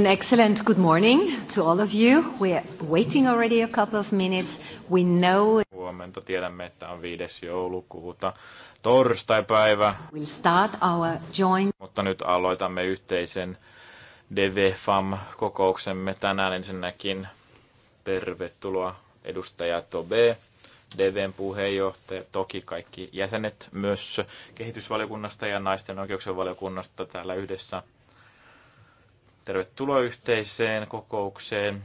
An excellent good morning to all of you. We are waiting already a couple of minutes. We know... Huomenta tiedämme, että on 5. joulukuuta torstaipäivä. We'll start our joint... Mutta nyt aloitamme yhteisen DVFAM-kokouksemme tänään ensinnäkin. Tervetuloa edustaja Tobe, DVn puheenjohtaja, toki kaikki jäsenet myös kehitysvaliokunnasta ja naisten oikeuksien valiokunnasta täällä yhdessä – Tervetuloa yhteiseen kokoukseen.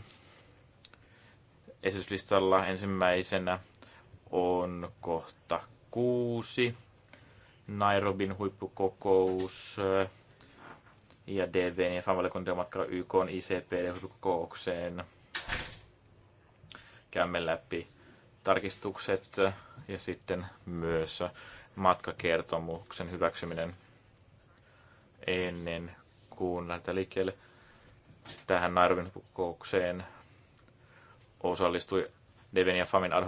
Esityslistalla ensimmäisenä on kohta kuusi. Nairobin huippukokous äh, ja DV ja FAM-valiokuntien matkalla YK ICP huippukokoukseen. Käymme läpi tarkistukset äh, ja sitten myös matkakertomuksen hyväksyminen ennen kuin lähdetään liikkeelle tähän Nairobin kokoukseen osallistui Deven ja Famin ad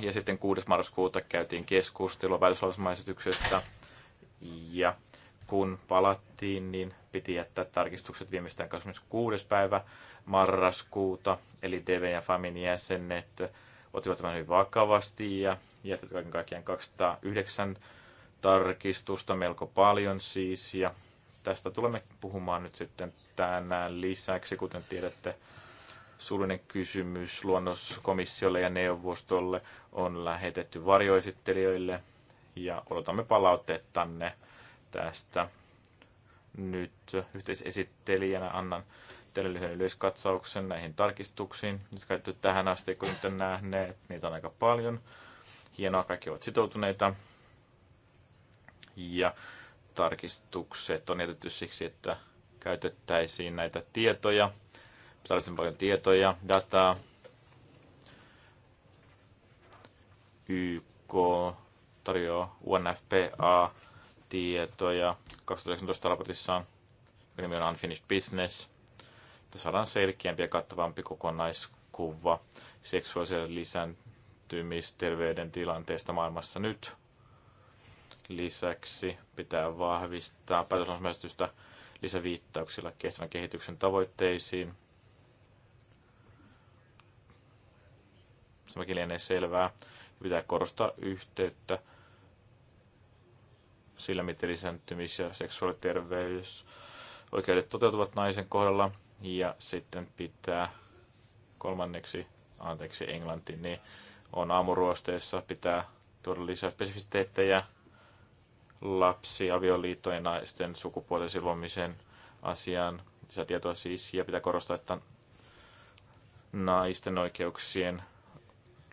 ja sitten 6. marraskuuta käytiin keskustelua välislausumaesityksestä ja kun palattiin, niin piti jättää tarkistukset viimeistään 26. päivä marraskuuta, eli DV ja FAMin jäsenet ottivat tämän hyvin vakavasti ja jättivät kaiken kaikkiaan 209 tarkistusta, melko paljon siis, ja Tästä tulemme puhumaan nyt sitten tänään lisäksi, kuten tiedätte, suullinen kysymys luonnoskomissiolle ja neuvostolle on lähetetty varjoesittelijöille ja odotamme palautettanne tästä. Nyt yhteisesittelijänä annan teille lyhyen yleiskatsauksen näihin tarkistuksiin, jotka käytetty tähän asti, kun nyt nähneet. Niitä on aika paljon. Hienoa, kaikki ovat sitoutuneita. Ja tarkistukset on jätetty siksi, että käytettäisiin näitä tietoja, tarvitsen paljon tietoja, dataa, YK tarjoaa UNFPA-tietoja 2019 raportissaan, joka nimi on Unfinished Business. Tässä saadaan selkeämpi ja kattavampi kokonaiskuva seksuaalisen lisääntymisterveyden tilanteesta maailmassa nyt Lisäksi pitää vahvistaa päätöslausumääritystä lisäviittauksilla kestävän kehityksen tavoitteisiin. Samakin lienee selvää. Pitää korostaa yhteyttä sillä, miten lisääntymis- ja seksuaaliterveys oikeudet toteutuvat naisen kohdalla. Ja sitten pitää kolmanneksi, anteeksi englanti, niin on aamuruosteessa pitää tuoda lisää spesifisiteettejä lapsi avioliittojen naisten sukupuolen silvomisen asiaan. Lisätietoa siis, ja pitää korostaa, että naisten oikeuksien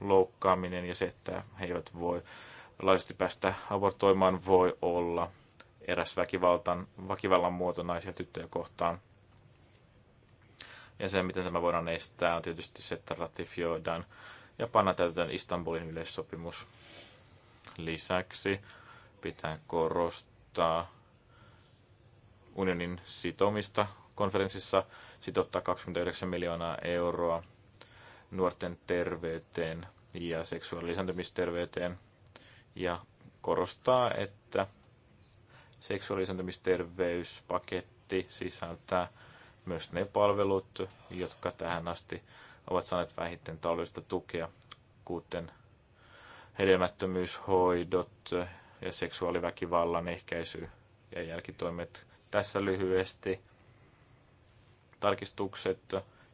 loukkaaminen ja se, että he eivät voi laajasti päästä abortoimaan, voi olla eräs väkivaltan, väkivallan muoto naisia tyttöjä kohtaan. Ja se, miten tämä voidaan estää, on tietysti se, että ratifioidaan ja panna täytetään Istanbulin yleissopimus. Lisäksi pitää korostaa unionin sitomista konferenssissa sitottaa 29 miljoonaa euroa nuorten terveyteen ja seksuaalisääntymisterveyteen ja korostaa, että seksuaalisääntymisterveyspaketti sisältää myös ne palvelut, jotka tähän asti ovat saaneet vähiten taloudellista tukea, kuten hedelmättömyyshoidot, ja seksuaaliväkivallan ehkäisy ja jälkitoimet. Tässä lyhyesti tarkistukset,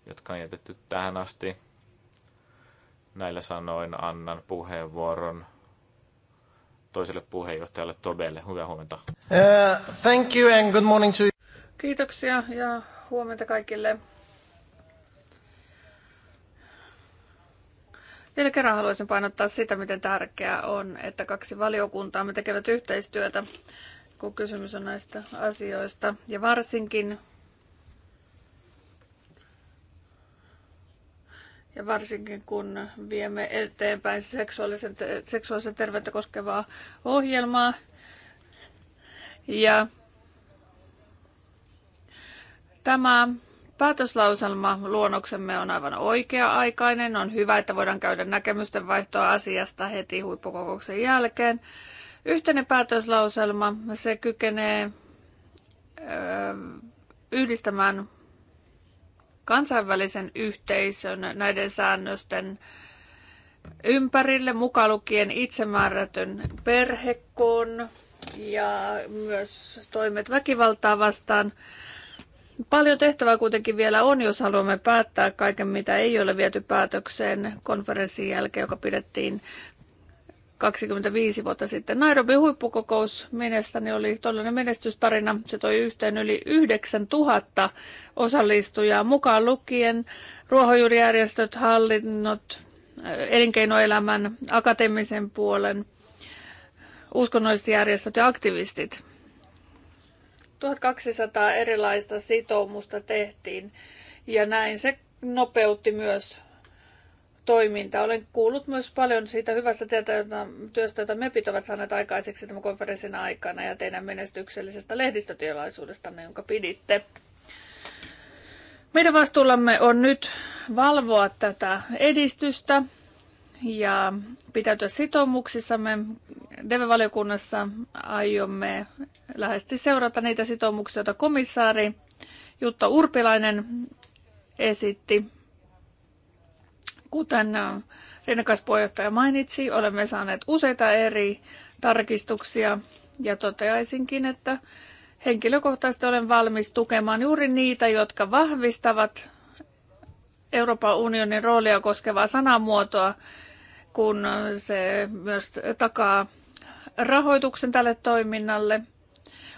jotka on jätetty tähän asti. Näillä sanoin annan puheenvuoron toiselle puheenjohtajalle Tobelle. Hyvää huomenta. Uh, thank you and good morning to you. Kiitoksia ja huomenta kaikille. Vielä kerran haluaisin painottaa sitä, miten tärkeää on, että kaksi valiokuntaa me tekevät yhteistyötä, kun kysymys on näistä asioista. Ja varsinkin ja varsinkin kun viemme eteenpäin seksuaalisen, seksuaalisen terveyttä koskevaa ohjelmaa. Ja tämä Päätöslauselma luonnoksemme on aivan oikea-aikainen. On hyvä, että voidaan käydä näkemysten vaihtoa asiasta heti huippukokouksen jälkeen. Yhteinen päätöslauselma, se kykenee ö, yhdistämään kansainvälisen yhteisön näiden säännösten ympärille, mukaan lukien itsemäärätön perhekoon ja myös toimet väkivaltaa vastaan. Paljon tehtävää kuitenkin vielä on, jos haluamme päättää kaiken, mitä ei ole viety päätökseen konferenssin jälkeen, joka pidettiin 25 vuotta sitten. Nairobi huippukokous mielestäni oli todellinen menestystarina. Se toi yhteen yli 9000 osallistujaa, mukaan lukien ruohonjuurijärjestöt, hallinnot, elinkeinoelämän, akateemisen puolen, uskonnolliset järjestöt ja aktivistit. 1200 erilaista sitoumusta tehtiin ja näin se nopeutti myös toimintaa. Olen kuullut myös paljon siitä hyvästä työtä, jota, työstä, jota MEPit ovat saaneet aikaiseksi tämän konferenssin aikana ja teidän menestyksellisestä lehdistötilaisuudesta, jonka piditte. Meidän vastuullamme on nyt valvoa tätä edistystä ja pitäytyä sitoumuksissamme. DEVE-valiokunnassa aiomme läheisesti seurata niitä sitoumuksia, joita komissaari Jutta Urpilainen esitti. Kuten rinnakkaispuheenjohtaja mainitsi, olemme saaneet useita eri tarkistuksia ja toteaisinkin, että henkilökohtaisesti olen valmis tukemaan juuri niitä, jotka vahvistavat Euroopan unionin roolia koskevaa sanamuotoa kun se myös takaa rahoituksen tälle toiminnalle.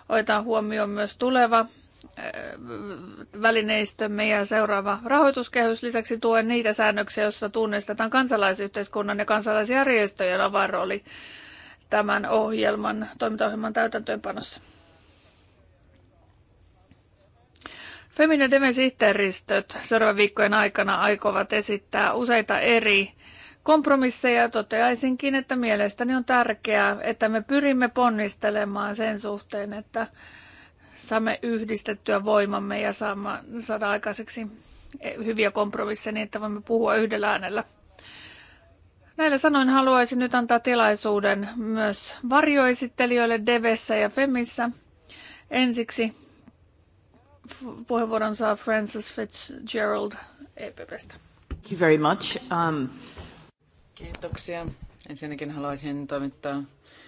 Otetaan huomioon myös tuleva äh, välineistömme ja seuraava rahoituskehys. Lisäksi tuen niitä säännöksiä, joissa tunnistetaan kansalaisyhteiskunnan ja kansalaisjärjestöjen avarooli tämän ohjelman, toimintaohjelman täytäntöönpanossa. Femina Demen sihteeristöt seuraavan viikkojen aikana aikovat esittää useita eri kompromisseja. Toteaisinkin, että mielestäni on tärkeää, että me pyrimme ponnistelemaan sen suhteen, että saamme yhdistettyä voimamme ja saamme, saada aikaiseksi hyviä kompromisseja niin, että voimme puhua yhdellä äänellä. Näillä sanoin haluaisin nyt antaa tilaisuuden myös varjoesittelijöille Devessä ja Femissä. Ensiksi puheenvuoron saa Francis Fitzgerald EPPstä. Thank you very much. Um... Kiitoksia. Ensinnäkin haluaisin toimittaa,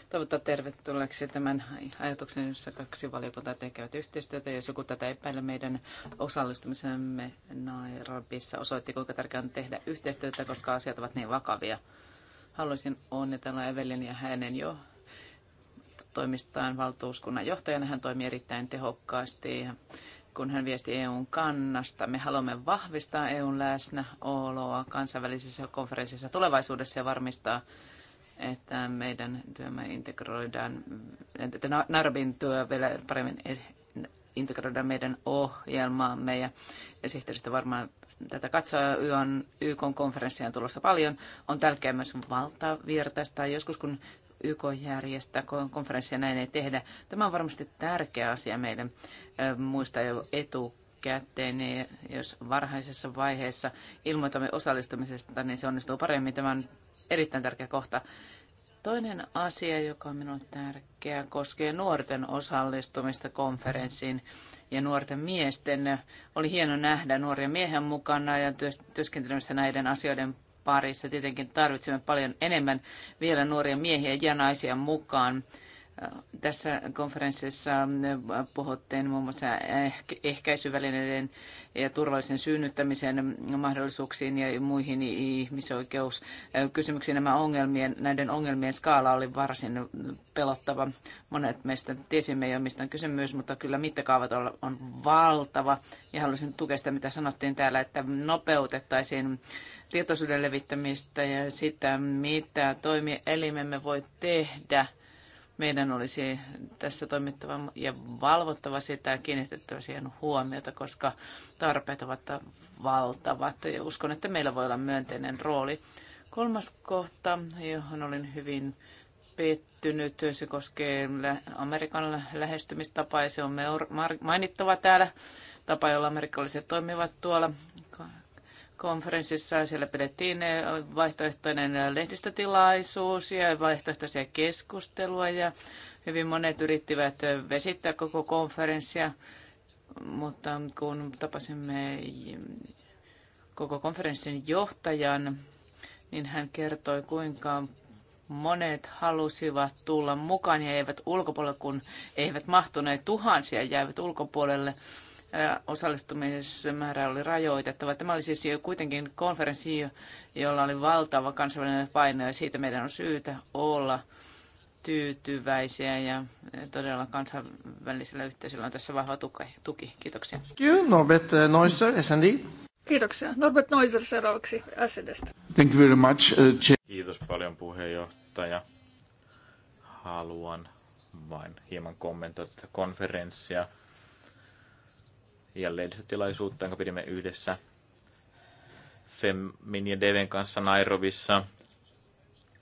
toivottaa tervetulleeksi tämän ajatuksen, jossa kaksi valiokuntaa tekevät yhteistyötä. Jos joku tätä epäilee, meidän osallistumisemme Nairobissa osoitti, kuinka tärkeää on tehdä yhteistyötä, koska asiat ovat niin vakavia. Haluaisin onnitella Evelin ja hänen jo toimistaan valtuuskunnan johtajana. Hän toimii erittäin tehokkaasti kun hän viesti EUn kannasta. Me haluamme vahvistaa EUn läsnäoloa kansainvälisissä konferensseissa tulevaisuudessa ja varmistaa, että meidän työmme integroidaan, että Narbin työ vielä paremmin integroidaan meidän ohjelmaamme ja, ja sihteeristö varmaan tätä katsoa. YK konferenssia on tulossa paljon. On tärkeää myös valtavirtaista. Joskus kun YK järjestä konferenssia, näin ei tehdä. Tämä on varmasti tärkeä asia meidän muista jo etukäteen. Jos varhaisessa vaiheessa ilmoitamme osallistumisesta, niin se onnistuu paremmin. Tämä on erittäin tärkeä kohta. Toinen asia, joka on minulle tärkeä, koskee nuorten osallistumista konferenssiin ja nuorten miesten. Oli hieno nähdä nuoria miehen mukana ja työskentelemässä näiden asioiden parissa. Tietenkin tarvitsemme paljon enemmän vielä nuoria miehiä ja naisia mukaan tässä konferenssissa puhuttiin muun muassa ehkäisyvälineiden ja turvallisen synnyttämisen mahdollisuuksiin ja muihin ihmisoikeuskysymyksiin. Nämä ongelmien, näiden ongelmien skaala oli varsin pelottava. Monet meistä tiesimme jo, mistä on kysymys, mutta kyllä mittakaavat on valtava. Ja haluaisin tukea sitä, mitä sanottiin täällä, että nopeutettaisiin tietoisuuden levittämistä ja sitä, mitä toimielimemme voi tehdä – meidän olisi tässä toimittava ja valvottava sitä ja kiinnitettävä siihen huomiota, koska tarpeet ovat valtavat ja uskon, että meillä voi olla myönteinen rooli. Kolmas kohta, johon olin hyvin pettynyt, se koskee Amerikan lähestymistapaa ja se on mainittava täällä tapa, jolla amerikkalaiset toimivat tuolla konferenssissa. Siellä pidettiin eh, vaihtoehtoinen lehdistötilaisuus ja vaihtoehtoisia keskustelua ja hyvin monet yrittivät eh, vesittää koko konferenssia, mutta kun tapasimme koko konferenssin johtajan, niin hän kertoi, kuinka monet halusivat tulla mukaan ja eivät ulkopuolelle, kun eivät mahtuneet tuhansia, jäivät ulkopuolelle määrä oli rajoitettava. Tämä oli siis jo kuitenkin konferenssi, jolla oli valtava kansainvälinen paino ja siitä meidän on syytä olla tyytyväisiä ja todella kansainvälisellä yhteisöllä on tässä vahva tuki. Kiitoksia. Kiitos Norbert Neusser, SND. Kiitoksia. Norbert Noiser seuraavaksi SNDstä. Thank you very much. Uh, Kiitos paljon puheenjohtaja. Haluan vain hieman kommentoida tätä konferenssia jälleen tilaisuutta, jonka pidimme yhdessä Femmin ja Deven kanssa Nairobissa.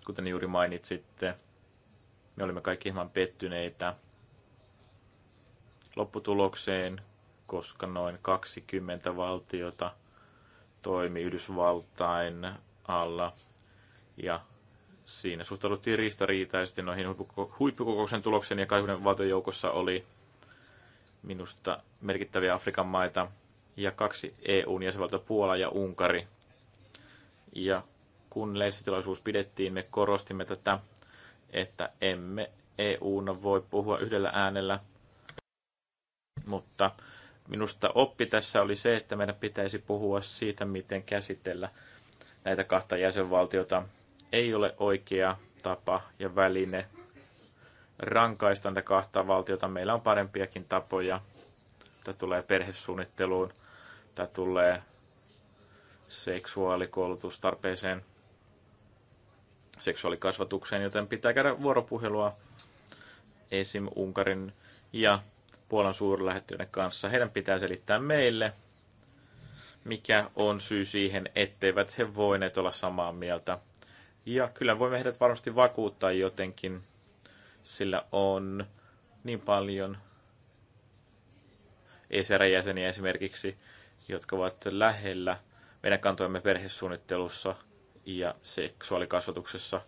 Kuten juuri mainitsitte, me olimme kaikki hieman pettyneitä lopputulokseen, koska noin 20 valtiota toimi Yhdysvaltain alla ja siinä suhtauduttiin ristariitaisesti noihin huippukokouksen tulokseen ja kaikkien valtion joukossa oli minusta merkittäviä Afrikan maita ja kaksi EUn jäsenvaltiota Puola ja Unkari. Ja kun lehdistötilaisuus pidettiin, me korostimme tätä, että emme EUn voi puhua yhdellä äänellä, mutta minusta oppi tässä oli se, että meidän pitäisi puhua siitä, miten käsitellä näitä kahta jäsenvaltiota. Ei ole oikea tapa ja väline rankaista näitä kahta valtiota. Meillä on parempiakin tapoja, Tämä tulee perhesuunnitteluun, tämä tulee seksuaalikoulutustarpeeseen, seksuaalikasvatukseen, joten pitää käydä vuoropuhelua esim. Unkarin ja Puolan suurlähettiöiden kanssa. Heidän pitää selittää meille, mikä on syy siihen, etteivät he voineet olla samaa mieltä. Ja kyllä voimme heidät varmasti vakuuttaa jotenkin sillä on niin paljon ECR-jäseniä esimerkiksi, jotka ovat lähellä meidän kantoimme perhesuunnittelussa ja seksuaalikasvatuksessa.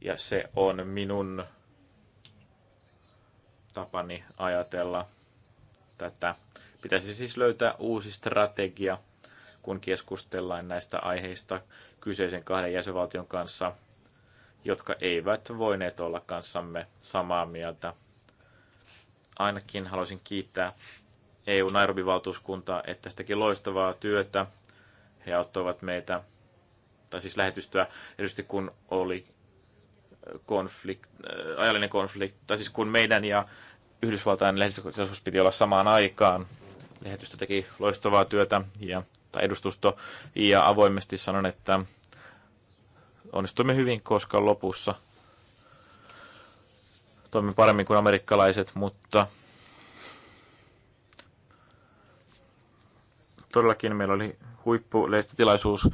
Ja se on minun tapani ajatella tätä. Pitäisi siis löytää uusi strategia, kun keskustellaan näistä aiheista kyseisen kahden jäsenvaltion kanssa – jotka eivät voineet olla kanssamme samaa mieltä. Ainakin haluaisin kiittää EU-Nairobi-valtuuskuntaa, että se teki loistavaa työtä. He auttoivat meitä, tai siis lähetystyä, erityisesti kun oli äh, konflikt, äh, ajallinen konflikti, tai siis kun meidän ja Yhdysvaltain lehdistökohtaisuus piti olla samaan aikaan. Lähetystö teki loistavaa työtä ja, tai edustusto ja avoimesti sanon, että onnistuimme hyvin, koska lopussa toimi paremmin kuin amerikkalaiset, mutta todellakin meillä oli huippulehtitilaisuus.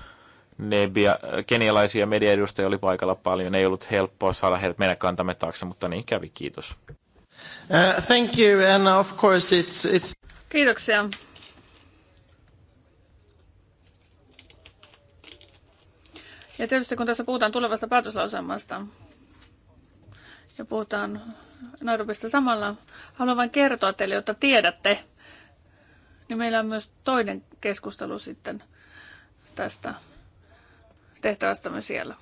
Nebia, kenialaisia mediaedustajia oli paikalla paljon. Ei ollut helppoa saada heidät meidän kantamme taakse, mutta niin kävi. Kiitos. Uh, thank you, and of course it's, it's... Kiitoksia. Ja tietysti kun tässä puhutaan tulevasta päätöslauselmasta ja puhutaan Nairobista samalla, haluan vain kertoa teille, jotta tiedätte, niin meillä on myös toinen keskustelu sitten tästä tehtävästämme siellä.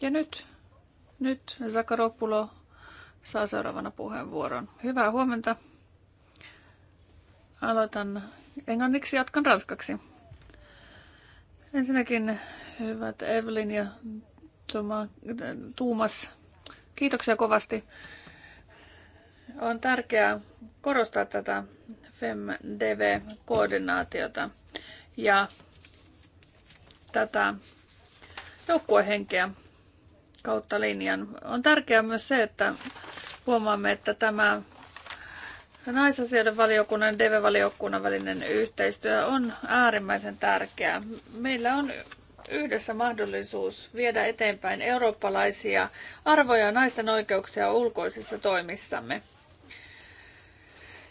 Ja nyt, nyt Zakaropulo saa seuraavana puheenvuoron. Hyvää huomenta. Aloitan englanniksi, jatkan ranskaksi. Ensinnäkin Hyvät Evelin ja Tuumas, kiitoksia kovasti. On tärkeää korostaa tätä FEMDV-koordinaatiota ja tätä joukkuehenkeä kautta linjan. On tärkeää myös se, että huomaamme, että tämä naisasioiden valiokunnan ja DV-valiokunnan välinen yhteistyö on äärimmäisen tärkeää. Meillä on yhdessä mahdollisuus viedä eteenpäin eurooppalaisia arvoja ja naisten oikeuksia ulkoisissa toimissamme.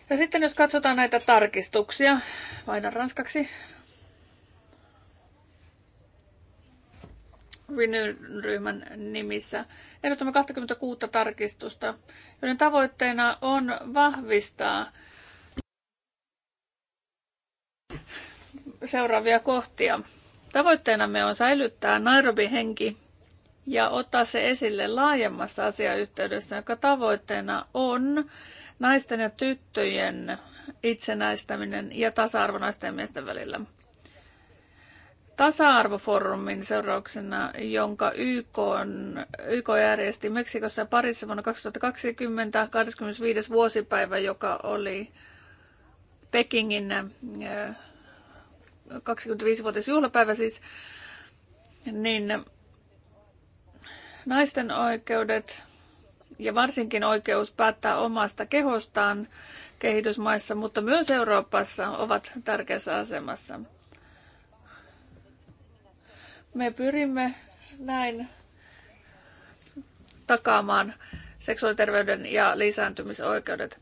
Ja sitten jos katsotaan näitä tarkistuksia, painan ranskaksi. Renew-ryhmän nimissä ehdotamme 26 tarkistusta, joiden tavoitteena on vahvistaa seuraavia kohtia. Tavoitteenamme on säilyttää Nairobin henki ja ottaa se esille laajemmassa asiayhteydessä, joka tavoitteena on naisten ja tyttöjen itsenäistäminen ja tasa-arvo naisten ja miesten välillä. Tasa-arvofoorumin seurauksena, jonka YK, on, YK järjesti Meksikossa ja Parissa vuonna 2020, 25. vuosipäivä, joka oli Pekingin äh, 25-vuotias juhlapäivä siis, niin naisten oikeudet ja varsinkin oikeus päättää omasta kehostaan kehitysmaissa, mutta myös Euroopassa ovat tärkeässä asemassa. Me pyrimme näin takaamaan seksuaaliterveyden ja lisääntymisoikeudet.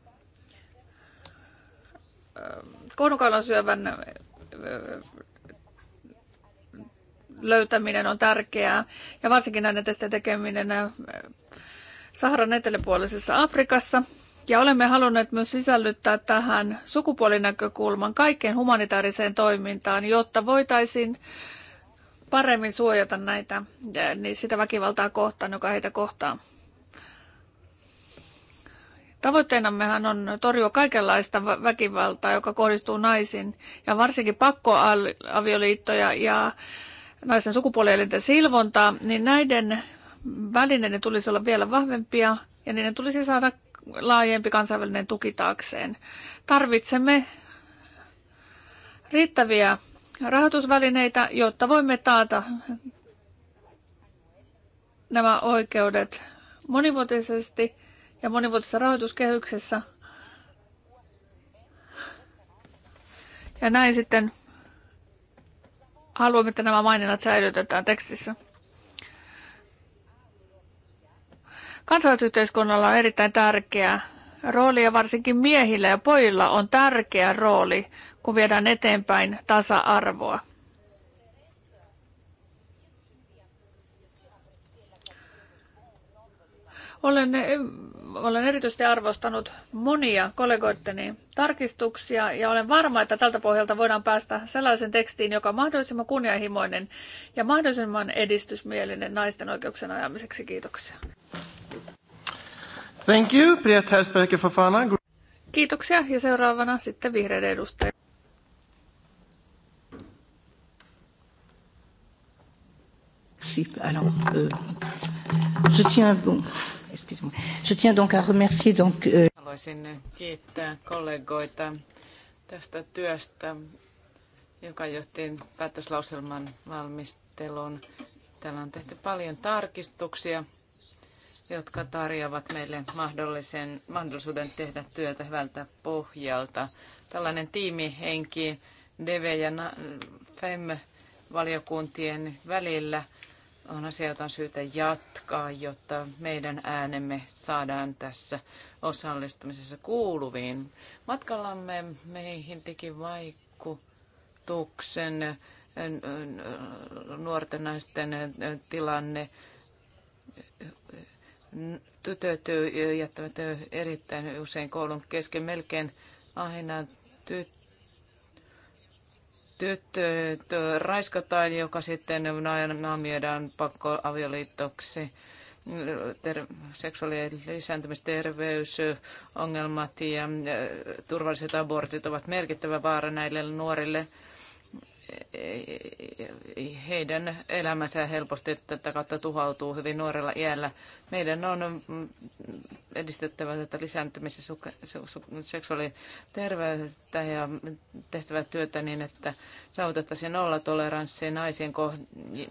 Kohdunkaulan syövän löytäminen on tärkeää ja varsinkin näiden testien tekeminen äh, Saharan eteläpuolisessa Afrikassa. Ja olemme halunneet myös sisällyttää tähän sukupuolinäkökulman kaikkeen humanitaariseen toimintaan, jotta voitaisiin paremmin suojata näitä, äh, niin sitä väkivaltaa kohtaan, joka heitä kohtaa. Tavoitteenammehan on torjua kaikenlaista väkivaltaa, joka kohdistuu naisiin ja varsinkin pakkoavioliittoja ja naisen sukupuolielinten silvontaa, niin näiden välineiden tulisi olla vielä vahvempia ja niiden tulisi saada laajempi kansainvälinen tuki taakseen. Tarvitsemme riittäviä rahoitusvälineitä, jotta voimme taata nämä oikeudet monivuotisesti ja monivuotisessa rahoituskehyksessä. Ja näin sitten haluamme, että nämä maininnat säilytetään tekstissä. Kansalaisyhteiskunnalla on erittäin tärkeä rooli ja varsinkin miehillä ja pojilla on tärkeä rooli, kun viedään eteenpäin tasa-arvoa. Olen olen erityisesti arvostanut monia kollegoitteni tarkistuksia ja olen varma, että tältä pohjalta voidaan päästä sellaisen tekstiin, joka on mahdollisimman kunnianhimoinen ja mahdollisimman edistysmielinen naisten oikeuksien ajamiseksi. Kiitoksia. Thank you, Priet Fafana. Kiitoksia ja seuraavana sitten vihreiden edustaja. alors, euh, je tiens, bon, excuse-moi. Je tiens donc à remercier donc... Euh, Haluaisin kiittää kollegoita tästä työstä, joka johti päätöslauselman valmisteluun. Täällä on tehty paljon tarkistuksia, jotka tarjoavat meille mahdollisen, mahdollisuuden tehdä työtä hyvältä pohjalta. Tällainen tiimihenki DV ja FEM valiokuntien välillä – on asia, jota on syytä jatkaa, jotta meidän äänemme saadaan tässä osallistumisessa kuuluviin. Matkallamme meihin teki vaikutuksen nuorten naisten tilanne. Tytöt jättävät erittäin usein koulun kesken melkein aina tyttö tytöt raiskataan, joka sitten naamioidaan pakkoavioliittoksi ter- seksuaali- lisääntymisterveysongelmat ja turvalliset abortit ovat merkittävä vaara näille nuorille heidän elämänsä helposti tätä kautta tuhoutuu hyvin nuorella iällä. Meidän on edistettävä tätä lisääntymis- ja seksuaaliterveyttä ja tehtävä työtä niin, että saavutettaisiin toleranssi naisiin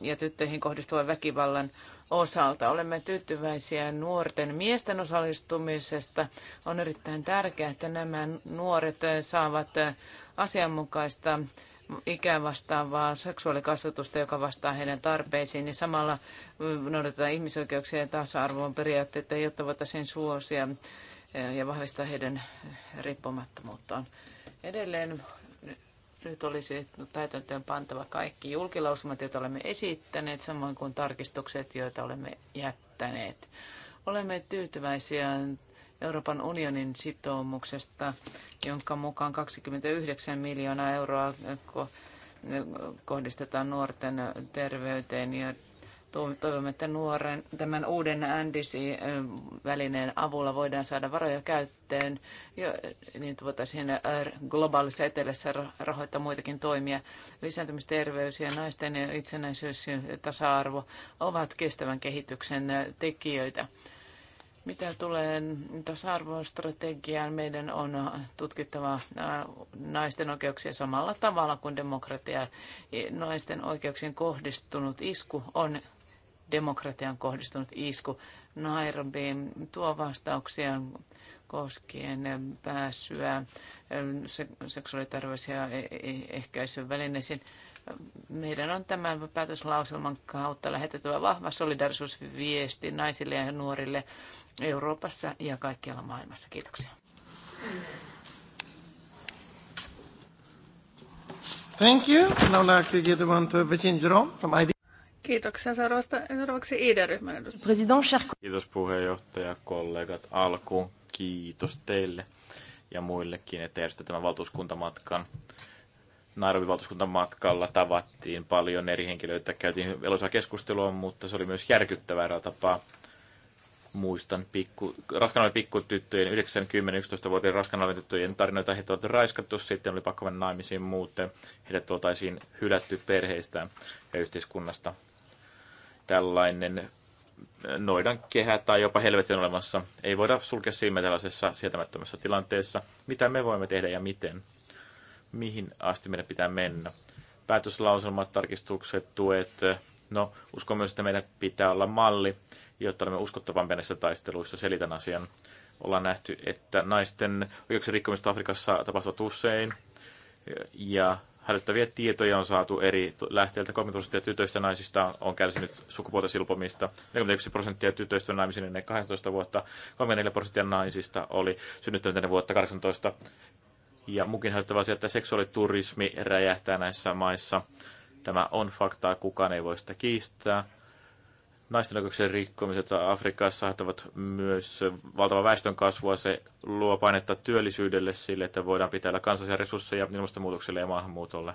ja tyttöihin kohdistuvan väkivallan osalta. Olemme tyytyväisiä nuorten miesten osallistumisesta. On erittäin tärkeää, että nämä nuoret saavat asianmukaista ikään vastaavaa seksuaalikasvatusta, joka vastaa heidän tarpeisiin, niin samalla mm, noudatetaan ihmisoikeuksia ja tasa arvoon periaatteita, jotta voitaisiin suosia eh, ja vahvistaa heidän eh, riippumattomuuttaan. Edelleen nyt olisi täytäntöön pantava kaikki julkilausumat, joita olemme esittäneet, samoin kuin tarkistukset, joita olemme jättäneet. Olemme tyytyväisiä Euroopan unionin sitoumuksesta, jonka mukaan 29 miljoonaa euroa kohdistetaan nuorten terveyteen ja toivomme, että nuoren, tämän uuden NDC-välineen avulla voidaan saada varoja käyttöön, jo, niin voitaisiin globaalissa etelässä rahoittaa muitakin toimia. Lisääntymisterveys ja naisten itsenäisyys ja tasa-arvo ovat kestävän kehityksen tekijöitä. Mitä tulee tasa-arvostrategiaan, meidän on tutkittava naisten oikeuksia samalla tavalla kuin demokratia. Naisten oikeuksien kohdistunut isku on demokratian kohdistunut isku. Nairobi tuo vastauksia koskien pääsyä seksuaaliterveys- ja e, e, ehkäisyvälineisiin. välineisiin meidän on tämän päätöslauselman kautta lähetettävä vahva solidarisuusviesti naisille ja nuorille Euroopassa ja kaikkialla maailmassa. Kiitoksia. Thank you. Now I'd like to give the one to Jerome from ID. Kiitoksia. Seuraavasta, seuraavaksi ID-ryhmän edustaja. Kiitos puheenjohtaja, kollegat. Alkuun kiitos teille ja muillekin, että järjestitte tämän valtuuskuntamatkan nairobi valtuuskunnan matkalla tavattiin paljon eri henkilöitä, käytiin eloisaa keskustelua, mutta se oli myös järkyttävää tapaa. Muistan pikku, raskana pikkutyttöjen, 9-10-11-vuotiaiden raskana tyttöjen tarinoita, heitä oli raiskattu, sitten oli pakko mennä naimisiin muuten, heidät oltaisiin hylätty perheistään ja yhteiskunnasta. Tällainen noidan kehä tai jopa helvetti on olemassa. Ei voida sulkea silmiä tällaisessa sietämättömässä tilanteessa. Mitä me voimme tehdä ja miten? mihin asti meidän pitää mennä. Päätöslauselmat, tarkistukset, tuet. No, uskon myös, että meidän pitää olla malli, jotta olemme uskottavampia näissä taisteluissa. Selitän asian. Ollaan nähty, että naisten oikeuksien rikkomista Afrikassa tapahtuvat usein. Ja hälyttäviä tietoja on saatu eri lähteiltä. 30 prosenttia tytöistä naisista on kärsinyt sukupuolta silpomista. 41 prosenttia tytöistä on naimisiin ennen 18 vuotta. 34 prosenttia naisista oli synnyttänyt ennen vuotta 18. Ja mukin hälyttävä asia, että seksuaaliturismi räjähtää näissä maissa. Tämä on faktaa, kukaan ei voi sitä kiistää. Naisten oikeuksien rikkomiset Afrikassa saattavat myös valtava väestön kasvua. Se luo painetta työllisyydelle sille, että voidaan pitää kansallisia resursseja ilmastonmuutokselle ja maahanmuutolle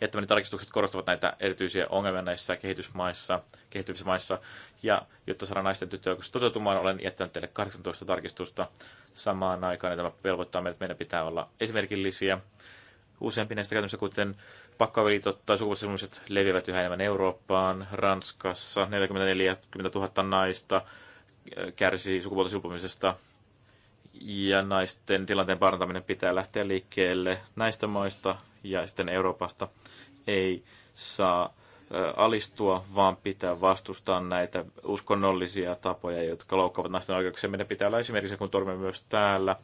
jättämäni tarkistukset korostavat näitä erityisiä ongelmia näissä kehitysmaissa, kehittyvissä maissa. Ja jotta saadaan naisten tyttöoikeus toteutumaan, olen jättänyt teille 18 tarkistusta samaan aikaan. Ja tämä velvoittaa meidät, että meidän pitää olla esimerkillisiä. Useampi näistä käytännössä, kuten pakkaveliitot tai sukupuolisemmukset, leviävät yhä enemmän Eurooppaan, Ranskassa, 44 000 naista äh, kärsii sukupuolisilpumisesta, ja naisten tilanteen parantaminen pitää lähteä liikkeelle näistä maista, ja sitten Euroopasta ei saa alistua, vaan pitää vastustaa näitä uskonnollisia tapoja, jotka loukkaavat naisten oikeuksia. Meidän pitää olla esimerkiksi, kun torjumme myös täällä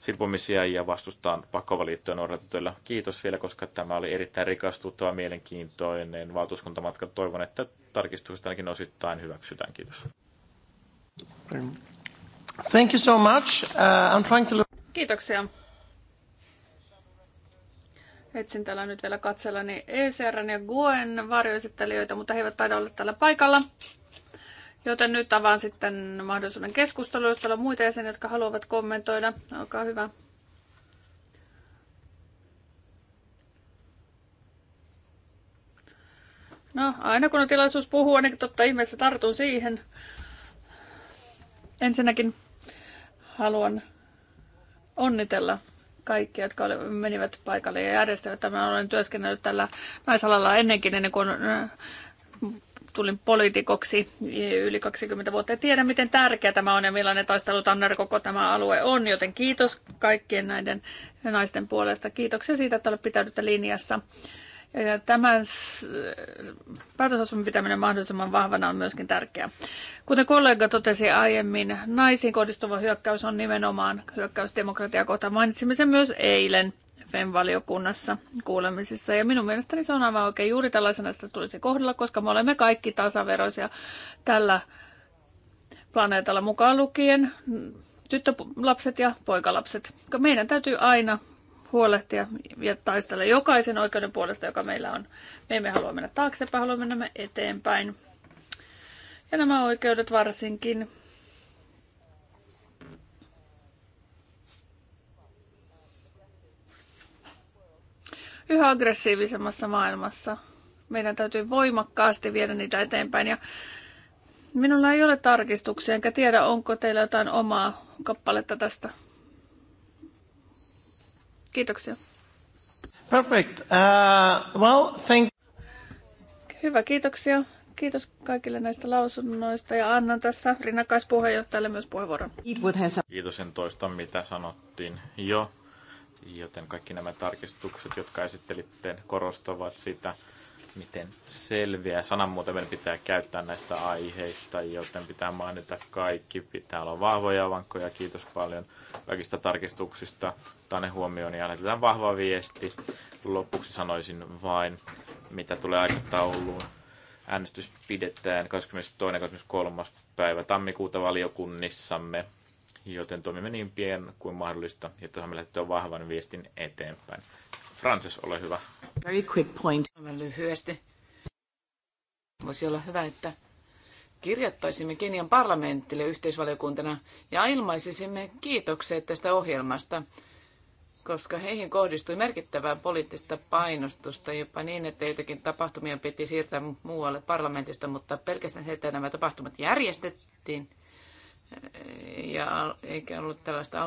silpomisia ja vastustaa pakkovaliittoja noudatetuilla. Kiitos vielä, koska tämä oli erittäin rikastuttava, mielenkiintoinen valtuuskuntamatka. Toivon, että tarkistukset ainakin osittain hyväksytään. Kiitos. Thank you so much. Uh, I'm trying to look... Kiitoksia. Etsin täällä nyt vielä katsellani ECRn ja Guen varjoesittelijöitä, mutta he eivät taida olla täällä paikalla. Joten nyt avaan sitten mahdollisuuden keskustelua, jos täällä on muita jäseniä, jotka haluavat kommentoida. Olkaa hyvä. No, aina kun on tilaisuus puhua, niin totta ihmeessä tartun siihen. Ensinnäkin haluan onnitella kaikki, jotka menivät paikalle ja järjestivät. Tämä olen työskennellyt tällä naisalalla ennenkin, ennen kuin äh, tulin poliitikoksi yli 20 vuotta. Ja tiedän, miten tärkeä tämä on ja millainen Tanner koko tämä alue on, joten kiitos kaikkien näiden naisten puolesta. Kiitoksia siitä, että olet pitäydyttä linjassa. Ja tämän päätösasumman pitäminen mahdollisimman vahvana on myöskin tärkeää. Kuten kollega totesi aiemmin, naisiin kohdistuva hyökkäys on nimenomaan hyökkäys demokratiaa kohtaan. Mainitsimme sen myös eilen FEM-valiokunnassa kuulemisissa. Ja minun mielestäni se on aivan oikein. Juuri tällaisena sitä tulisi kohdella, koska me olemme kaikki tasaveroisia tällä planeetalla mukaan lukien tyttölapset ja poikalapset. Meidän täytyy aina huolehtia ja taistella jokaisen oikeuden puolesta, joka meillä on. Me emme halua mennä taaksepäin, haluamme mennä eteenpäin. Ja nämä oikeudet varsinkin yhä aggressiivisemmassa maailmassa. Meidän täytyy voimakkaasti viedä niitä eteenpäin. Ja minulla ei ole tarkistuksia, enkä tiedä, onko teillä jotain omaa kappaletta tästä. Kiitoksia. Perfect. Uh, well, thank... Hyvä, kiitoksia. Kiitos kaikille näistä lausunnoista ja annan tässä rinnakkaispuheenjohtajalle myös puheenvuoron. Kiitos, en toista mitä sanottiin jo. Joten kaikki nämä tarkistukset, jotka esittelitte, korostavat sitä, miten selviä sananmuoto pitää käyttää näistä aiheista, joten pitää mainita kaikki. Pitää olla vahvoja vankkoja. Kiitos paljon kaikista tarkistuksista. Tänne huomioon ja lähetetään vahva viesti. Lopuksi sanoisin vain, mitä tulee aikatauluun. Äänestys pidetään 22.23. päivä tammikuuta valiokunnissamme, joten toimimme niin pian kuin mahdollista, jotta me lähdetään vahvan viestin eteenpäin. Frances, ole hyvä. Very quick point. Lyhyesti. Voisi olla hyvä, että kirjoittaisimme Kenian parlamentille yhteisvaliokuntana ja ilmaisisimme kiitokset tästä ohjelmasta, koska heihin kohdistui merkittävää poliittista painostusta jopa niin, että joitakin tapahtumia piti siirtää muualle parlamentista, mutta pelkästään se, että nämä tapahtumat järjestettiin ja eikä ollut tällaista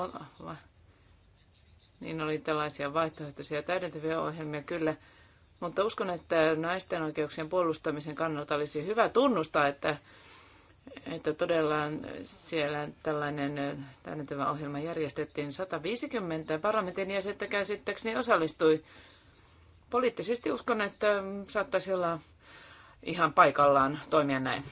niin oli tällaisia vaihtoehtoisia täydentäviä ohjelmia kyllä. Mutta uskon, että naisten oikeuksien puolustamisen kannalta olisi hyvä tunnustaa, että, että todella siellä tällainen täydentävä ohjelma järjestettiin 150 parlamentin jäsentä käsittääkseni osallistui. Poliittisesti uskon, että saattaisi olla ihan paikallaan toimia näin.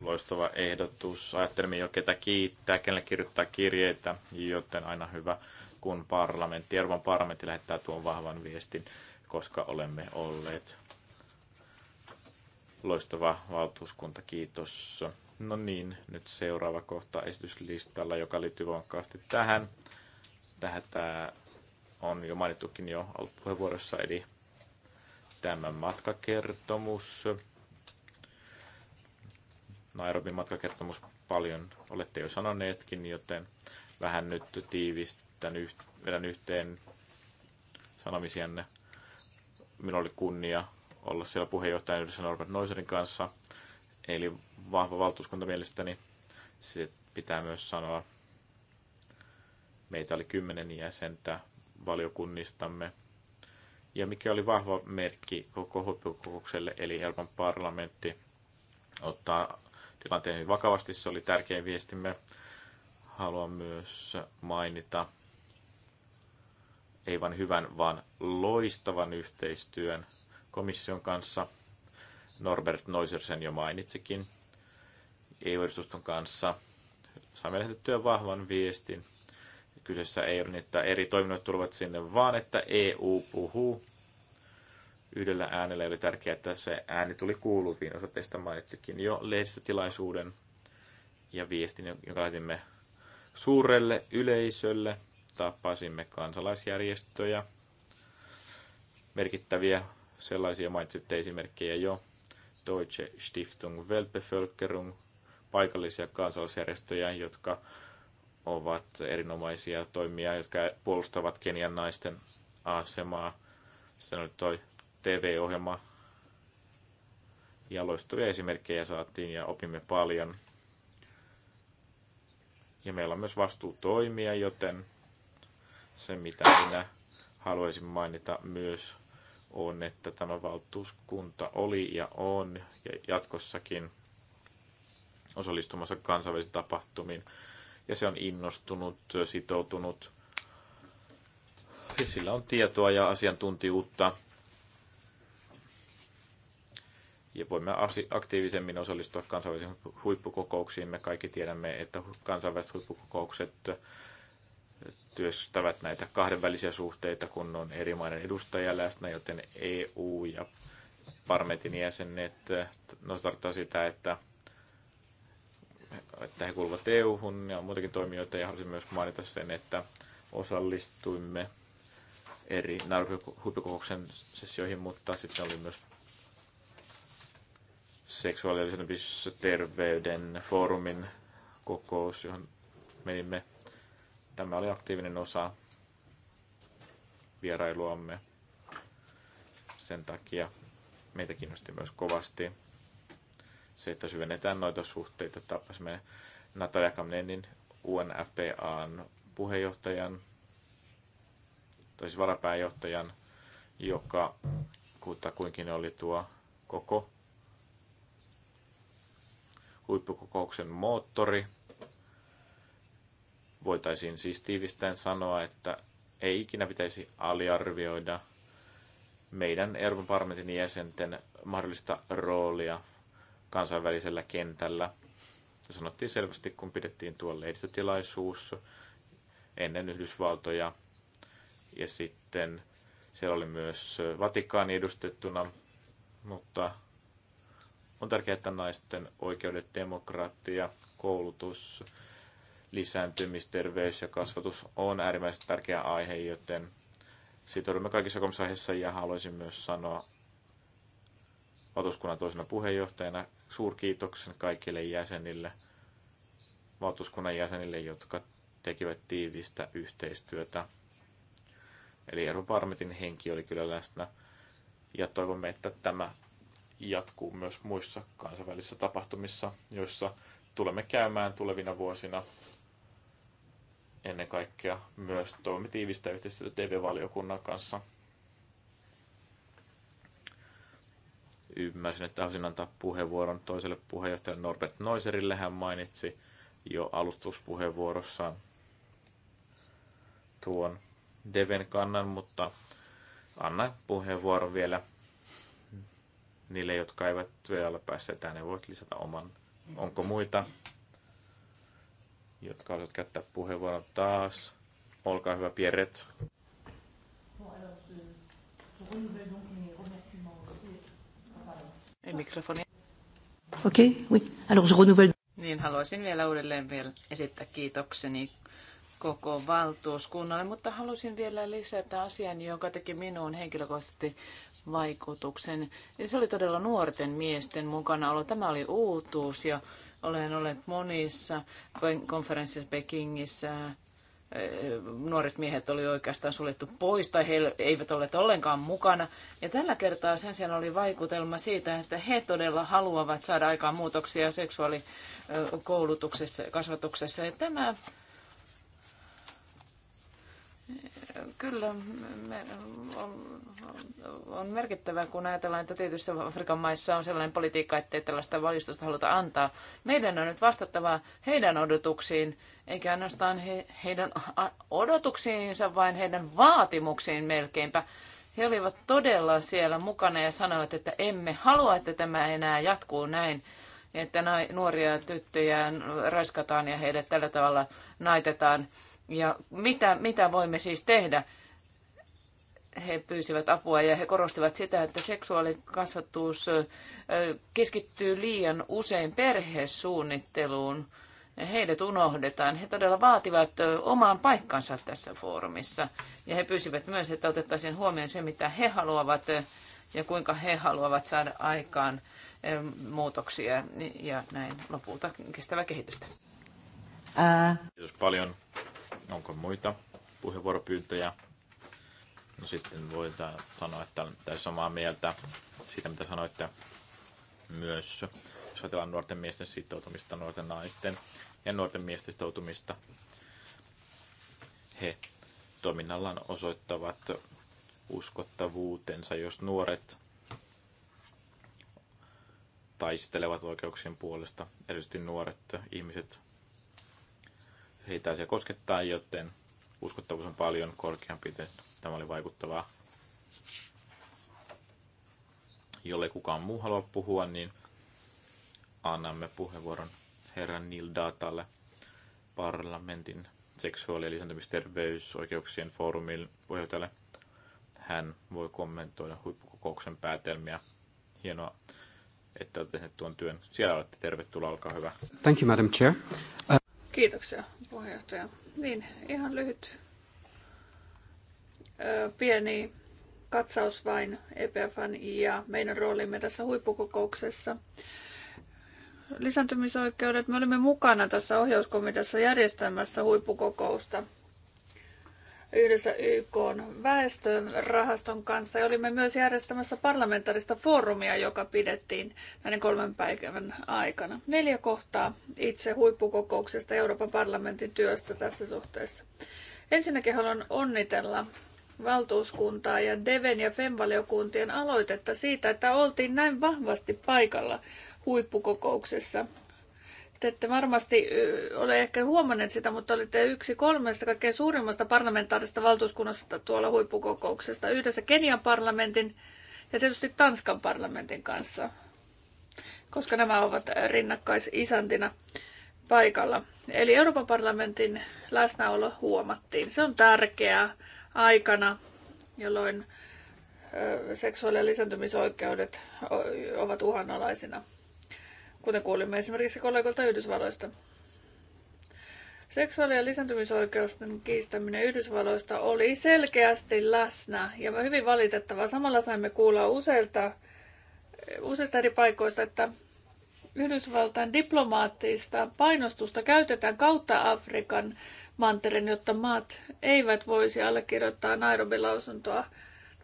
Loistava ehdotus. Ajattelimme jo ketä kiittää, kenelle kirjoittaa kirjeitä, joten aina hyvä kun parlamentti, Euroopan parlamentti lähettää tuon vahvan viestin, koska olemme olleet loistava valtuuskunta, kiitos. No niin, nyt seuraava kohta esityslistalla, joka liittyy voimakkaasti tähän. Tähän tämä on jo mainittukin jo puheenvuorossa, eli tämä matkakertomus. Nairobin matkakertomus paljon olette jo sanoneetkin, joten vähän nyt tiivist, tämän yht, vedän yhteen sanomisienne, Minulla oli kunnia olla siellä puheenjohtajan yhdessä Norbert Noiserin kanssa. Eli vahva valtuuskunta mielestäni. Se pitää myös sanoa. Meitä oli kymmenen jäsentä valiokunnistamme. Ja mikä oli vahva merkki koko huippukokoukselle, eli Euroopan parlamentti ottaa tilanteen hyvin vakavasti. Se oli tärkein viestimme. Haluan myös mainita ei vain hyvän, vaan loistavan yhteistyön komission kanssa. Norbert Noiser sen jo mainitsikin. EU-edustuston kanssa saimme lähetettyä vahvan viestin. Kyseessä ei ole niin, että eri toiminnot tulevat sinne, vaan että EU puhuu yhdellä äänellä. Oli tärkeää, että se ääni tuli kuuluviin. Osa teistä mainitsikin jo lehdistötilaisuuden ja viestin, jonka laitimme suurelle yleisölle tapasimme kansalaisjärjestöjä, merkittäviä sellaisia mainitsitte esimerkkejä jo, Deutsche Stiftung Weltbevölkerung, paikallisia kansalaisjärjestöjä, jotka ovat erinomaisia toimia, jotka puolustavat Kenian naisten asemaa. Sitten oli toi TV-ohjelma, ja loistavia esimerkkejä saatiin ja opimme paljon. Ja meillä on myös vastuutoimia, joten se, mitä minä haluaisin mainita myös, on, että tämä valtuuskunta oli ja on ja jatkossakin osallistumassa kansainvälisiin tapahtumiin. Ja se on innostunut, sitoutunut. Ja sillä on tietoa ja asiantuntijuutta. Ja voimme aktiivisemmin osallistua kansainvälisiin huippukokouksiin. Me kaikki tiedämme, että kansainväliset huippukokoukset työstävät näitä kahdenvälisiä suhteita, kun on eri maiden edustajia läsnä, joten EU ja parmetin jäsenet, eh, no tarkoittaa sitä, että, että he kuuluvat EU-hun ja muitakin toimijoita, ja haluaisin myös mainita sen, että osallistuimme eri huippukokouksen sessioihin, mutta sitten oli myös seksuaalisen terveyden foorumin kokous, johon menimme Tämä oli aktiivinen osa vierailuamme. Sen takia meitä kiinnosti myös kovasti se, että syvennetään noita suhteita. Tapasimme Natalia Kamnenin UNFPAn puheenjohtajan, tai siis varapääjohtajan, joka kuitenkin oli tuo koko huippukokouksen moottori – Voitaisiin siis tiivistäen sanoa, että ei ikinä pitäisi aliarvioida meidän Euroopan parlamentin jäsenten mahdollista roolia kansainvälisellä kentällä. Se sanottiin selvästi, kun pidettiin tuo lehdistötilaisuus ennen Yhdysvaltoja. Ja sitten siellä oli myös Vatikaani edustettuna, mutta on tärkeää, että naisten oikeudet, demokratia, koulutus lisääntymisterveys ja kasvatus on äärimmäisen tärkeä aihe, joten sitoudumme kaikissa kolmessa ja haluaisin myös sanoa valtuuskunnan toisena puheenjohtajana suurkiitoksen kaikille jäsenille, valtuuskunnan jäsenille, jotka tekivät tiivistä yhteistyötä. Eli Eero Parmetin henki oli kyllä läsnä ja toivomme, että tämä jatkuu myös muissa kansainvälisissä tapahtumissa, joissa tulemme käymään tulevina vuosina ennen kaikkea myös toimi tiivistä yhteistyötä TV-valiokunnan kanssa. Ymmärsin, että haluaisin antaa puheenvuoron toiselle puheenjohtajalle Norbert Noiserille. Hän mainitsi jo alustuspuheenvuorossaan tuon Deven kannan, mutta annan puheenvuoron vielä niille, jotka eivät vielä päässeet tänne. Voit lisätä oman. Onko muita? jotka haluavat käyttää puheenvuoron taas. Olkaa hyvä, Pierret. Ei mikrofoni. Okei, okay, oui. renouvelle. Niin, haluaisin vielä uudelleen vielä esittää kiitokseni koko valtuuskunnalle, mutta halusin vielä lisätä asian, joka teki minuun henkilökohtaisesti vaikutuksen. Ja se oli todella nuorten miesten mukanaolo. Tämä oli uutuus ja olen ollut monissa konferensseissa Pekingissä. Eh, nuoret miehet oli oikeastaan suljettu pois tai he eivät olleet ollenkaan mukana. Ja tällä kertaa sen sijaan oli vaikutelma siitä, että he todella haluavat saada aikaan muutoksia seksuaalikoulutuksessa, kasvatuksessa. Ja tämä Kyllä, me, on, on merkittävää, kun ajatellaan, että tietyissä Afrikan maissa on sellainen politiikka, ettei tällaista valistusta haluta antaa. Meidän on nyt vastattava heidän odotuksiin, eikä ainoastaan he, heidän odotuksiinsa, vaan heidän vaatimuksiin melkeinpä. He olivat todella siellä mukana ja sanoivat, että emme halua, että tämä enää jatkuu näin että nuoria tyttöjä raiskataan ja heidät tällä tavalla naitetaan ja mitä, mitä voimme siis tehdä? He pyysivät apua ja he korostivat sitä, että seksuaalikasvatus keskittyy liian usein perhesuunnitteluun. Heidät unohdetaan. He todella vaativat omaan paikkansa tässä foorumissa. Ja he pyysivät myös, että otettaisiin huomioon se, mitä he haluavat ja kuinka he haluavat saada aikaan muutoksia ja näin lopulta kestävää kehitystä. Ää. Kiitos paljon. Onko muita puheenvuoropyyntöjä? No sitten voidaan sanoa, että olen täysin samaa mieltä siitä, mitä sanoitte myös. Jos ajatellaan nuorten miesten sitoutumista, nuorten naisten ja nuorten miesten sitoutumista, he toiminnallaan osoittavat uskottavuutensa, jos nuoret taistelevat oikeuksien puolesta, erityisesti nuoret ihmiset heitä asia koskettaa, joten uskottavuus on paljon korkeampi. Tämä oli vaikuttavaa. Jolle kukaan muu halua puhua, niin annamme puheenvuoron herran Neil Datalle parlamentin seksuaali- ja lisääntymisterveysoikeuksien foorumin puheenjohtajalle. Hän voi kommentoida huippukokouksen päätelmiä. Hienoa, että olette tehneet tuon työn. Siellä olette tervetuloa, olkaa hyvä. Thank you, Madam Chair. Uh... Kiitoksia puheenjohtaja. Niin, ihan lyhyt ö, pieni katsaus vain EPFn ja meidän roolimme tässä huippukokouksessa. Lisääntymisoikeudet. Me olimme mukana tässä ohjauskomiteassa järjestämässä huippukokousta yhdessä YK väestörahaston kanssa ja olimme myös järjestämässä parlamentaarista foorumia, joka pidettiin näiden kolmen päivän aikana. Neljä kohtaa itse huippukokouksesta Euroopan parlamentin työstä tässä suhteessa. Ensinnäkin haluan onnitella valtuuskuntaa ja Deven ja FEM-valiokuntien aloitetta siitä, että oltiin näin vahvasti paikalla huippukokouksessa te ette varmasti ole ehkä huomanneet sitä, mutta olitte yksi kolmesta kaikkein suurimmasta parlamentaarista valtuuskunnasta tuolla huippukokouksesta yhdessä Kenian parlamentin ja tietysti Tanskan parlamentin kanssa, koska nämä ovat rinnakkaisisantina paikalla. Eli Euroopan parlamentin läsnäolo huomattiin. Se on tärkeää aikana, jolloin seksuaali- ja lisääntymisoikeudet ovat uhanalaisina kuten kuulimme esimerkiksi kollegoilta Yhdysvalloista. Seksuaali- ja lisääntymisoikeusten kiistäminen Yhdysvalloista oli selkeästi läsnä ja hyvin valitettavaa. Samalla saimme kuulla useilta, useista eri paikoista, että Yhdysvaltain diplomaattista painostusta käytetään kautta Afrikan mantereen, jotta maat eivät voisi allekirjoittaa Nairobi-lausuntoa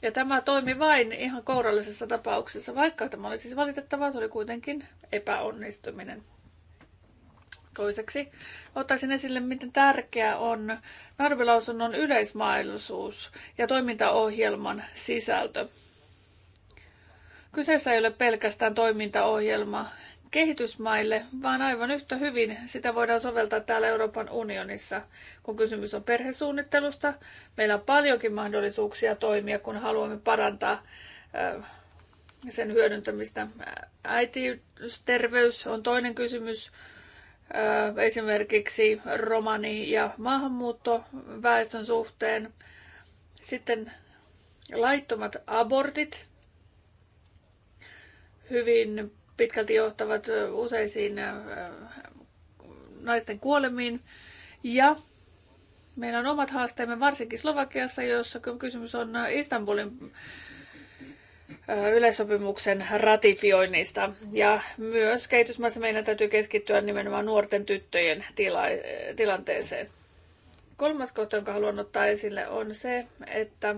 ja tämä toimi vain ihan kourallisessa tapauksessa, vaikka tämä oli siis valitettavaa, se oli kuitenkin epäonnistuminen. Toiseksi ottaisin esille, miten tärkeää on narvilausunnon yleismaailmallisuus ja toimintaohjelman sisältö. Kyseessä ei ole pelkästään toimintaohjelma, kehitysmaille, vaan aivan yhtä hyvin sitä voidaan soveltaa täällä Euroopan unionissa. Kun kysymys on perhesuunnittelusta, meillä on paljonkin mahdollisuuksia toimia, kun haluamme parantaa sen hyödyntämistä. Äitiysterveys on toinen kysymys. Esimerkiksi romani- ja maahanmuuttoväestön suhteen. Sitten laittomat abortit. Hyvin pitkälti johtavat useisiin naisten kuolemiin. Ja meillä on omat haasteemme, varsinkin Slovakiassa, jossa kysymys on Istanbulin yleissopimuksen ratifioinnista. Ja myös kehitysmaissa meidän täytyy keskittyä nimenomaan nuorten tyttöjen tila- tilanteeseen. Kolmas kohta, jonka haluan ottaa esille, on se, että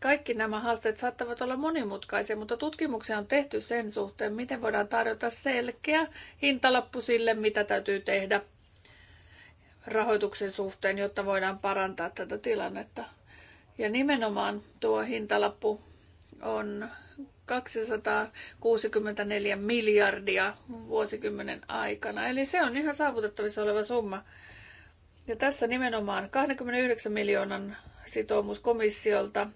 kaikki nämä haasteet saattavat olla monimutkaisia, mutta tutkimuksia on tehty sen suhteen, miten voidaan tarjota selkeä hintalappu sille, mitä täytyy tehdä rahoituksen suhteen, jotta voidaan parantaa tätä tilannetta. Ja nimenomaan tuo hintalappu on 264 miljardia vuosikymmenen aikana. Eli se on ihan saavutettavissa oleva summa. Ja tässä nimenomaan 29 miljoonan sitoumus komissiolta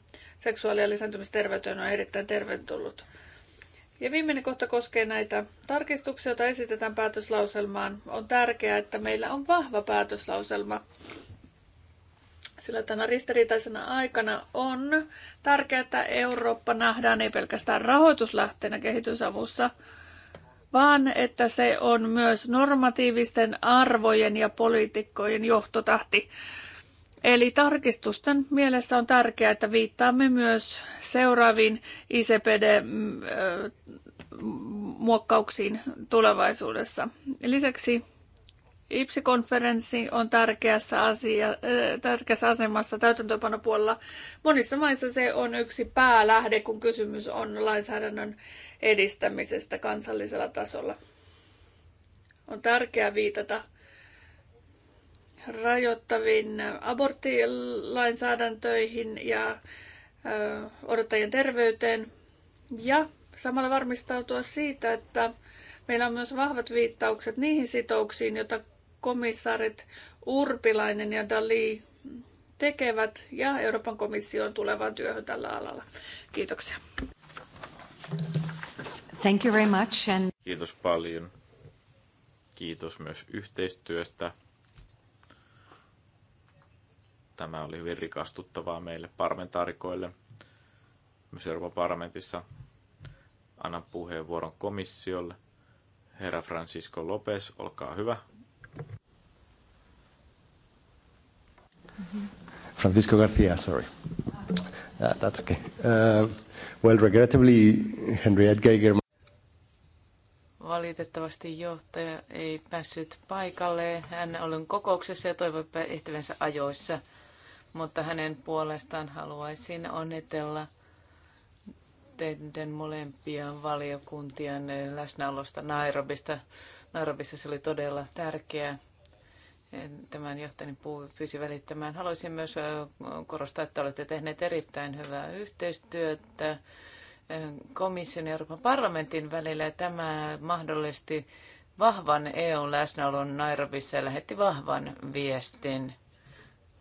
seksuaali- ja lisääntymisterveyteen on erittäin tervetullut. Ja viimeinen kohta koskee näitä tarkistuksia, joita esitetään päätöslauselmaan. On tärkeää, että meillä on vahva päätöslauselma, sillä tänä ristiriitaisena aikana on tärkeää, että Eurooppa nähdään ei pelkästään rahoituslähteenä kehitysavussa, vaan että se on myös normatiivisten arvojen ja poliitikkojen johtotahti. Eli tarkistusten mielessä on tärkeää, että viittaamme myös seuraaviin ICPD-muokkauksiin mm, tulevaisuudessa. Lisäksi IPSI-konferenssi on tärkeässä, asia, tärkeässä asemassa täytäntöpanopuolella. Monissa maissa se on yksi päälähde, kun kysymys on lainsäädännön edistämisestä kansallisella tasolla. On tärkeää viitata rajoittaviin aborttilainsäädäntöihin ja odottajien terveyteen ja samalla varmistautua siitä, että meillä on myös vahvat viittaukset niihin sitouksiin, joita komissaarit Urpilainen ja Dali tekevät ja Euroopan komission tulevaan työhön tällä alalla. Kiitoksia. Thank you very much and... Kiitos paljon. Kiitos myös yhteistyöstä Tämä oli hyvin rikastuttavaa meille parlamentaarikoille. Myös Euroopan parlamentissa annan puheenvuoron komissiolle. Herra Francisco Lopez, olkaa hyvä. Francisco Garcia, sorry. Yeah, that's okay. Uh, well, regrettably, Henriette Geiger... Valitettavasti johtaja ei päässyt paikalle. Hän on kokouksessa ja toivoi ehtivänsä ajoissa mutta hänen puolestaan haluaisin onnitella teidän molempia valiokuntia läsnäolosta Nairobista. Nairobissa se oli todella tärkeää. Tämän johtajani pyysi välittämään. Haluaisin myös korostaa, että olette tehneet erittäin hyvää yhteistyötä komission ja Euroopan parlamentin välillä. Tämä mahdollisti vahvan eu läsnäolon Nairobissa ja lähetti vahvan viestin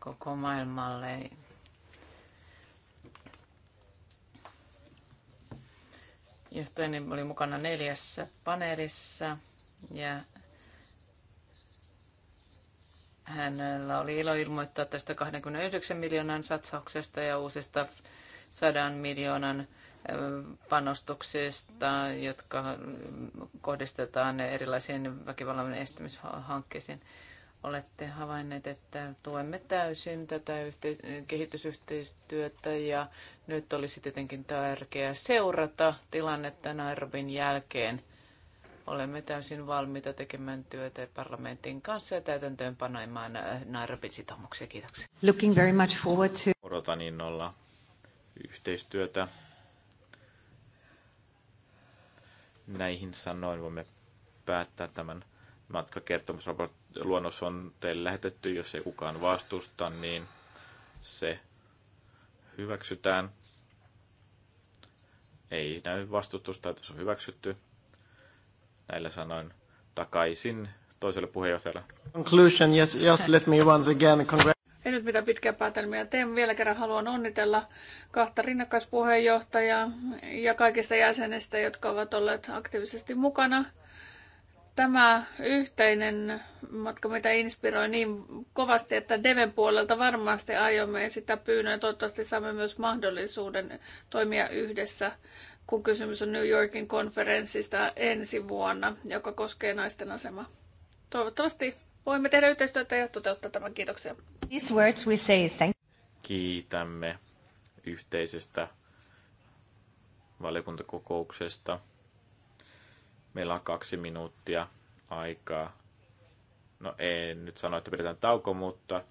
koko maailmalle. Johtajani oli mukana neljässä paneelissa ja hänellä oli ilo ilmoittaa tästä 29 miljoonan satsauksesta ja uusista 100 miljoonan panostuksista, jotka kohdistetaan erilaisiin väkivallan estämishankkeisiin olette havainneet, että tuemme täysin tätä yhte- kehitysyhteistyötä ja nyt olisi tietenkin tärkeää seurata tilannetta Nairobin jälkeen. Olemme täysin valmiita tekemään työtä parlamentin kanssa ja täytäntöönpanoimaan äh, Nairobin sitoumuksia. Kiitoksia. Looking very much forward to... Odotan innolla yhteistyötä. Näihin sanoin voimme päättää tämän matkakertomusluonnos on teille lähetetty, jos ei kukaan vastusta, niin se hyväksytään. Ei näy vastustusta, että se on hyväksytty. Näillä sanoin takaisin toiselle puheenjohtajalle. Conclusion, yes, yes, let me once again Ei nyt mitään pitkää päätelmiä teen. Vielä kerran haluan onnitella kahta rinnakkaispuheenjohtajaa ja kaikista jäsenistä, jotka ovat olleet aktiivisesti mukana. Tämä yhteinen matka mitä inspiroi niin kovasti, että Deven puolelta varmasti aiomme sitä pyynnön ja toivottavasti saamme myös mahdollisuuden toimia yhdessä, kun kysymys on New Yorkin konferenssista ensi vuonna, joka koskee naisten asemaa. Toivottavasti voimme tehdä yhteistyötä ja toteuttaa tämän. Kiitoksia. These words we say thank Kiitämme yhteisestä valiokuntakokouksesta. Meillä on kaksi minuuttia aikaa. No ei nyt sano, että pidetään tauko, mutta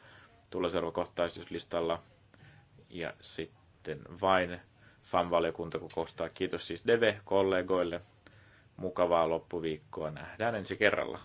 tulee seuraava kohtaisuuslistalla. Ja sitten vain FAM-valiokunta kokoustaa. Kiitos siis Deve-kollegoille. Mukavaa loppuviikkoa. Nähdään ensi kerralla.